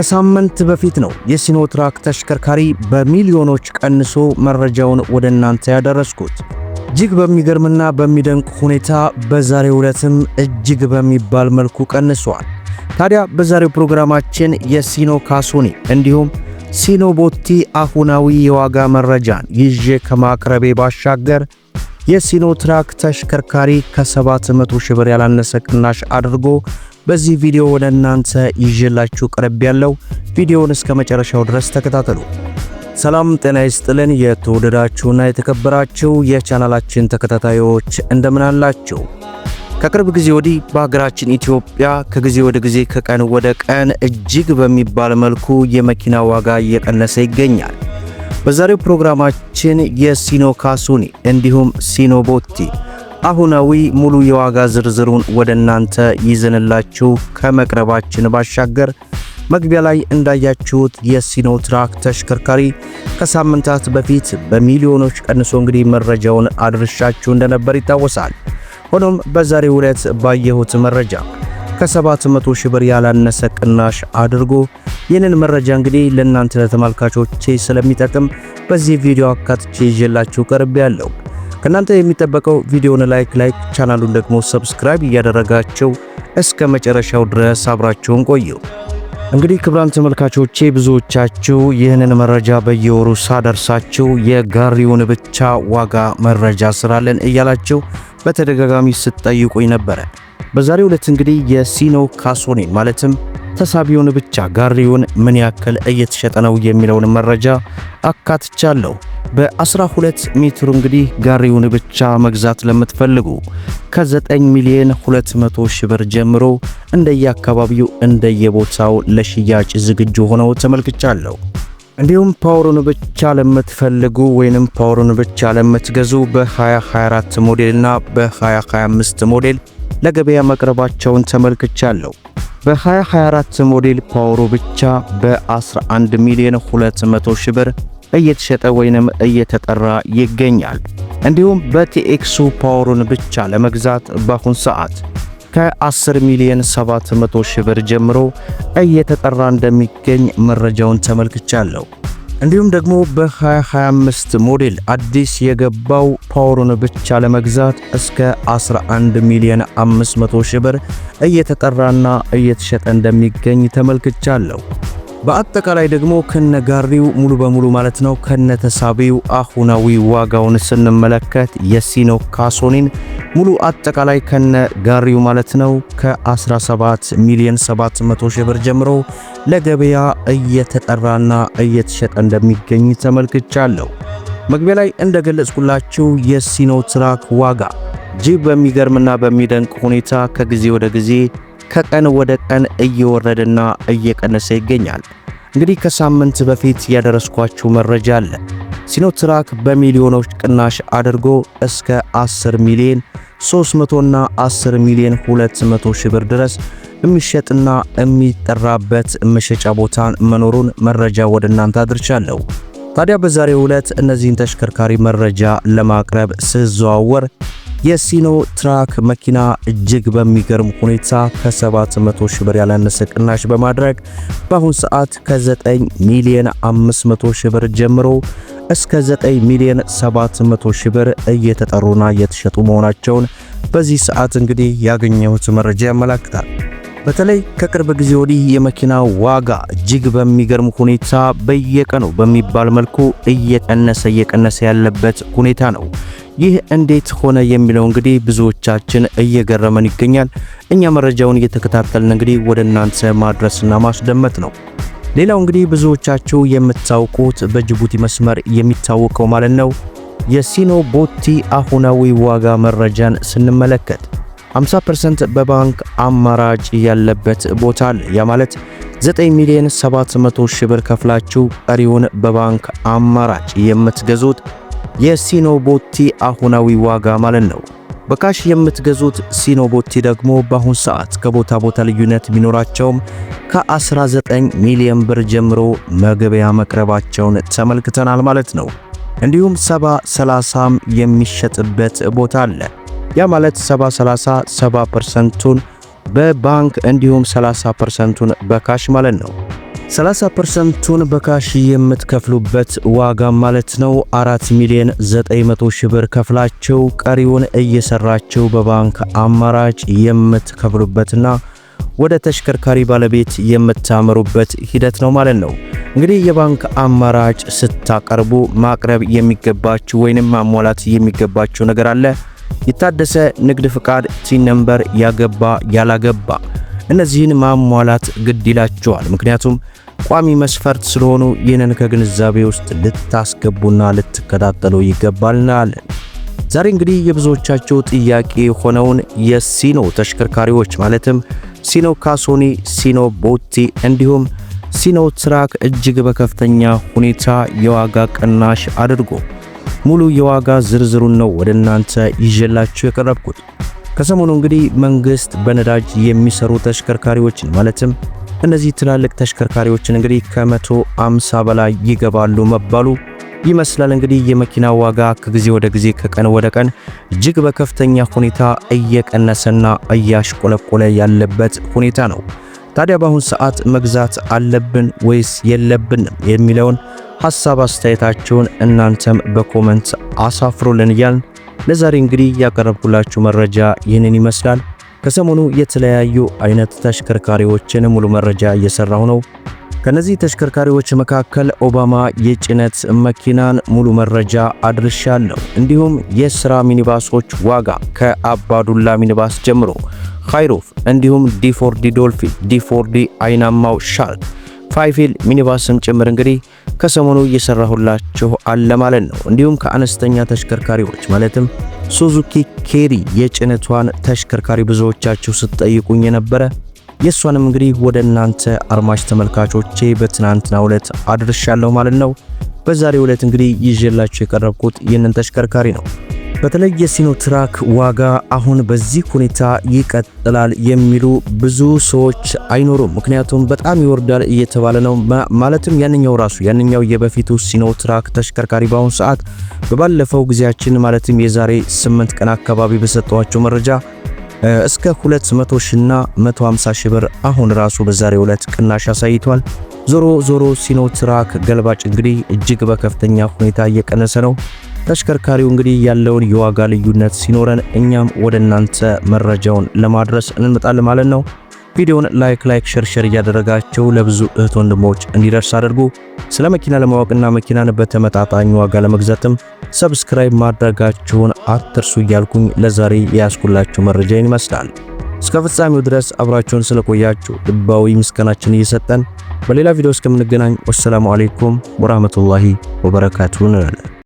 ከሳምንት በፊት ነው የሲኖትራክ ተሽከርካሪ በሚሊዮኖች ቀንሶ መረጃውን ወደ እናንተ ያደረስኩት። እጅግ በሚገርምና በሚደንቅ ሁኔታ በዛሬ ዕለትም እጅግ በሚባል መልኩ ቀንሷል። ታዲያ በዛሬው ፕሮግራማችን የሲኖ ካሶኒ እንዲሁም ሲኖ ቦቲ አሁናዊ የዋጋ መረጃን ይዤ ከማቅረቤ ባሻገር የሲኖትራክ ተሽከርካሪ ከ700 ሺህ ብር ያላነሰ ቅናሽ አድርጎ በዚህ ቪዲዮ ወደ እናንተ ይዤላችሁ ቀረብ ያለው ቪዲዮውን እስከ መጨረሻው ድረስ ተከታተሉ። ሰላም ጤና ይስጥልን። የተወደዳችሁና የተከበራችሁ የቻናላችን ተከታታዮች እንደምን አላችሁ? ከቅርብ ጊዜ ወዲህ በሀገራችን ኢትዮጵያ ከጊዜ ወደ ጊዜ ከቀን ወደ ቀን እጅግ በሚባል መልኩ የመኪና ዋጋ እየቀነሰ ይገኛል። በዛሬው ፕሮግራማችን የሲኖ ካሱኒ እንዲሁም ሲኖ ቦቲ አሁናዊ ሙሉ የዋጋ ዝርዝሩን ወደ እናንተ ይዘንላችሁ ከመቅረባችን ባሻገር መግቢያ ላይ እንዳያችሁት የሲኖ ትራክ ተሽከርካሪ ከሳምንታት በፊት በሚሊዮኖች ቀንሶ እንግዲህ መረጃውን አድርሻችሁ እንደነበር ይታወሳል። ሆኖም በዛሬው ዕለት ባየሁት መረጃ ከ700 ሺህ ብር ያላነሰ ቅናሽ አድርጎ ይህንን መረጃ እንግዲህ ለእናንተ ለተመልካቾቼ ስለሚጠቅም በዚህ ቪዲዮ አካትቼ ይዤላችሁ ቀርቤ ያለው ከእናንተ የሚጠበቀው ቪዲዮውን ላይክ ላይክ ቻናሉን ደግሞ ሰብስክራይብ እያደረጋቸው እስከ መጨረሻው ድረስ አብራችሁን ቆዩ። እንግዲህ ክብራን ተመልካቾቼ ብዙዎቻችሁ ይህንን መረጃ በየወሩ ሳደርሳችሁ የጋሪውን ብቻ ዋጋ መረጃ ስራለን እያላችሁ በተደጋጋሚ ስትጠይቁኝ ነበረ። በዛሬው ዕለት እንግዲህ የሲኖ ካሶኔ ማለትም ተሳቢውን ብቻ ጋሪውን ምን ያክል እየተሸጠ ነው የሚለውን መረጃ አካትቻለሁ። በ12 ሜትሩ እንግዲህ ጋሪውን ብቻ መግዛት ለምትፈልጉ ከ9 ሚሊዮን 200 ሺህ ብር ጀምሮ እንደየአካባቢው እንደየቦታው ለሽያጭ ዝግጁ ሆነው ተመልክቻለሁ። እንዲሁም ፓወሩን ብቻ ለምትፈልጉ ወይንም ፓወሩን ብቻ ለምትገዙ በ2024 ሞዴልና በ2025 ሞዴል ለገበያ መቅረባቸውን ተመልክቻለሁ። በ2024 ሞዴል ፓወሩ ብቻ በ11 ሚሊዮን 200 ሺህ ብር እየተሸጠ ወይንም እየተጠራ ይገኛል። እንዲሁም በቲኤክሱ ፓወሩን ብቻ ለመግዛት በአሁን ሰዓት ከ10 ሚሊዮን 700 ሺህ ብር ጀምሮ እየተጠራ እንደሚገኝ መረጃውን ተመልክቻለሁ። እንዲሁም ደግሞ በ2025 ሞዴል አዲስ የገባው ፓወሩን ብቻ ለመግዛት እስከ 11 ሚሊዮን 500 ሺህ ብር እየተጠራና እየተሸጠ እንደሚገኝ ተመልክቻለሁ። በአጠቃላይ ደግሞ ከነ ጋሪው ሙሉ በሙሉ ማለት ነው ከነ ተሳቢው አሁናዊ ዋጋውን ስንመለከት የሲኖ ካሶኒን ሙሉ አጠቃላይ ከነጋሪው ማለት ነው ከ17 ሚሊዮን 700 ሺህ ብር ጀምሮ ለገበያ እየተጠራና እየተሸጠ እንደሚገኝ ተመልክቻለሁ። መግቢያ ላይ እንደገለጽኩላችሁ የሲኖ ትራክ ዋጋ እጅግ በሚገርምና በሚደንቅ ሁኔታ ከጊዜ ወደ ጊዜ ከቀን ወደ ቀን እየወረደና እየቀነሰ ይገኛል። እንግዲህ ከሳምንት በፊት ያደረስኳችሁ መረጃ አለ። ሲኖትራክ በሚሊዮኖች ቅናሽ አድርጎ እስከ 10 ሚሊዮን 300 እና 10 ሚሊዮን 200 ሺህ ብር ድረስ የሚሸጥና የሚጠራበት መሸጫ ቦታን መኖሩን መረጃ ወደ እናንተ አድርቻለሁ። ታዲያ በዛሬው ዕለት እነዚህን ተሽከርካሪ መረጃ ለማቅረብ ስዘዋወር የሲኖ ትራክ መኪና እጅግ በሚገርም ሁኔታ ከ700 ሺህ ብር ያላነሰ ቅናሽ በማድረግ በአሁን ሰዓት ከ9 ሚሊዮን 500 ሺህ ብር ጀምሮ እስከ 9 ሚሊዮን 700 ሺህ ብር እየተጠሩና እየተሸጡ መሆናቸውን በዚህ ሰዓት እንግዲህ ያገኘሁት መረጃ ያመላክታል። በተለይ ከቅርብ ጊዜ ወዲህ የመኪና ዋጋ እጅግ በሚገርም ሁኔታ በየቀኑ በሚባል መልኩ እየቀነሰ እየቀነሰ ያለበት ሁኔታ ነው። ይህ እንዴት ሆነ የሚለው እንግዲህ ብዙዎቻችን እየገረመን ይገኛል። እኛ መረጃውን እየተከታተልን እንግዲህ ወደ እናንተ ማድረስና ማስደመጥ ነው። ሌላው እንግዲህ ብዙዎቻችሁ የምታውቁት በጅቡቲ መስመር የሚታወቀው ማለት ነው የሲኖ ቦቲ አሁናዊ ዋጋ መረጃን ስንመለከት 50% በባንክ አማራጭ ያለበት ቦታ አለ። ያ ማለት 9 ሚሊዮን 700 ሺህ ብር ከፍላችሁ ቀሪውን በባንክ አማራጭ የምትገዙት የሲኖቦቲ አሁናዊ ዋጋ ማለት ነው። በካሽ የምትገዙት ሲኖቦቲ ደግሞ በአሁን ሰዓት ከቦታ ቦታ ልዩነት ቢኖራቸውም ከ19 ሚሊዮን ብር ጀምሮ መገበያ መቅረባቸውን ተመልክተናል ማለት ነው። እንዲሁም 70 30 የሚሸጥበት ቦታ አለ። ያ ማለት 70 30 70 ፐርሰንቱን በባንክ እንዲሁም 30 ፐርሰንቱን በካሽ ማለት ነው። 30 ፐርሰንቱን በካሽ የምትከፍሉበት ዋጋ ማለት ነው 4 ሚሊዮን 900 ሺህ ብር ከፍላቸው ቀሪውን እየሰራቸው በባንክ አማራጭ የምትከፍሉበትና ወደ ተሽከርካሪ ባለቤት የምታመሩበት ሂደት ነው ማለት ነው። እንግዲህ የባንክ አማራጭ ስታቀርቡ ማቅረብ የሚገባችሁ ወይንም ማሟላት የሚገባችሁ ነገር አለ። የታደሰ ንግድ ፍቃድ፣ ቲን ነምበር፣ ያገባ ያላገባ እነዚህን ማሟላት ግድ ይላቸዋል። ምክንያቱም ቋሚ መስፈርት ስለሆኑ ይህንን ከግንዛቤ ውስጥ ልታስገቡና ልትከታተሉ ይገባልናል። ዛሬ እንግዲህ የብዙዎቻቸው ጥያቄ የሆነውን የሲኖ ተሽከርካሪዎች ማለትም ሲኖ ካሶኒ፣ ሲኖ ቦቲ እንዲሁም ሲኖ ትራክ እጅግ በከፍተኛ ሁኔታ የዋጋ ቅናሽ አድርጎ ሙሉ የዋጋ ዝርዝሩን ነው ወደ እናንተ ይዤላችሁ የቀረብኩት። ከሰሞኑ እንግዲህ መንግስት በነዳጅ የሚሰሩ ተሽከርካሪዎችን ማለትም እነዚህ ትላልቅ ተሽከርካሪዎችን እንግዲህ ከመቶ አምሳ በላይ ይገባሉ መባሉ ይመስላል። እንግዲህ የመኪና ዋጋ ከጊዜ ወደ ጊዜ ከቀን ወደ ቀን እጅግ በከፍተኛ ሁኔታ እየቀነሰና እያሽቆለቆለ ያለበት ሁኔታ ነው። ታዲያ በአሁን ሰዓት መግዛት አለብን ወይስ የለብንም የሚለውን ሐሳብ አስተያየታችሁን እናንተም በኮመንት አሳፍሩልን እያልን ለዛሬ እንግዲህ ያቀረብኩላችሁ መረጃ ይህንን ይመስላል። ከሰሞኑ የተለያዩ አይነት ተሽከርካሪዎችን ሙሉ መረጃ እየሰራሁ ነው። ከነዚህ ተሽከርካሪዎች መካከል ኦባማ የጭነት መኪናን ሙሉ መረጃ አድርሻለሁ። እንዲሁም የስራ ሚኒባሶች ዋጋ ከአባዱላ ሚኒባስ ጀምሮ ኻይሩፍ፣ እንዲሁም ዲፎርዲ ዶልፊን፣ ዲፎርዲ አይናማው ሻርክ ፋይፊል ሚኒባስም ጭምር እንግዲህ ከሰሞኑ እየሰራሁላችሁ አለ ማለት ነው። እንዲሁም ከአነስተኛ ተሽከርካሪዎች ማለትም ሱዙኪ ኬሪ የጭነቷን ተሽከርካሪ ብዙዎቻችሁ ስትጠይቁኝ የነበረ የእሷንም እንግዲህ ወደ እናንተ አድማጭ ተመልካቾቼ በትናንትና ዕለት አድርሻለሁ ማለት ነው። በዛሬው ዕለት እንግዲህ ይዤላችሁ የቀረብኩት ይህንን ተሽከርካሪ ነው። በተለይ የሲኖትራክ ዋጋ አሁን በዚህ ሁኔታ ይቀጥላል የሚሉ ብዙ ሰዎች አይኖሩም። ምክንያቱም በጣም ይወርዳል እየተባለ ነው። ማለትም ያንኛው ራሱ ያንኛው የበፊቱ ሲኖትራክ ተሽከርካሪ በአሁኑ ሰዓት በባለፈው ጊዜያችን ማለትም የዛሬ 8 ቀን አካባቢ በሰጠዋቸው መረጃ እስከ 200 ሺና 150 ሺ ብር አሁን ራሱ በዛሬው ዕለት ቅናሽ አሳይቷል። ዞሮ ዞሮ ሲኖትራክ ገልባጭ እንግዲህ እጅግ በከፍተኛ ሁኔታ እየቀነሰ ነው። ተሽከርካሪው እንግዲህ ያለውን የዋጋ ልዩነት ሲኖረን እኛም ወደ እናንተ መረጃውን ለማድረስ እንመጣለን ማለት ነው። ቪዲዮውን ላይክ ላይክ ሸር ሸር እያደረጋቸው ለብዙ እህት ወንድሞች እንዲደርስ አድርጉ። ስለ መኪና ለማወቅና መኪናን በተመጣጣኝ ዋጋ ለመግዛትም ሰብስክራይብ ማድረጋችሁን አትርሱ እያልኩኝ ለዛሬ የያዝኩላችሁ መረጃ ይመስላል። እስከ ፍጻሜው ድረስ አብራችሁን ስለቆያችሁ ልባዊ ምስጋናችን እየሰጠን በሌላ ቪዲዮ እስከምንገናኝ ወሰላሙ አሌይኩም ወራህመቱላሂ ወበረካቱ እንላለን።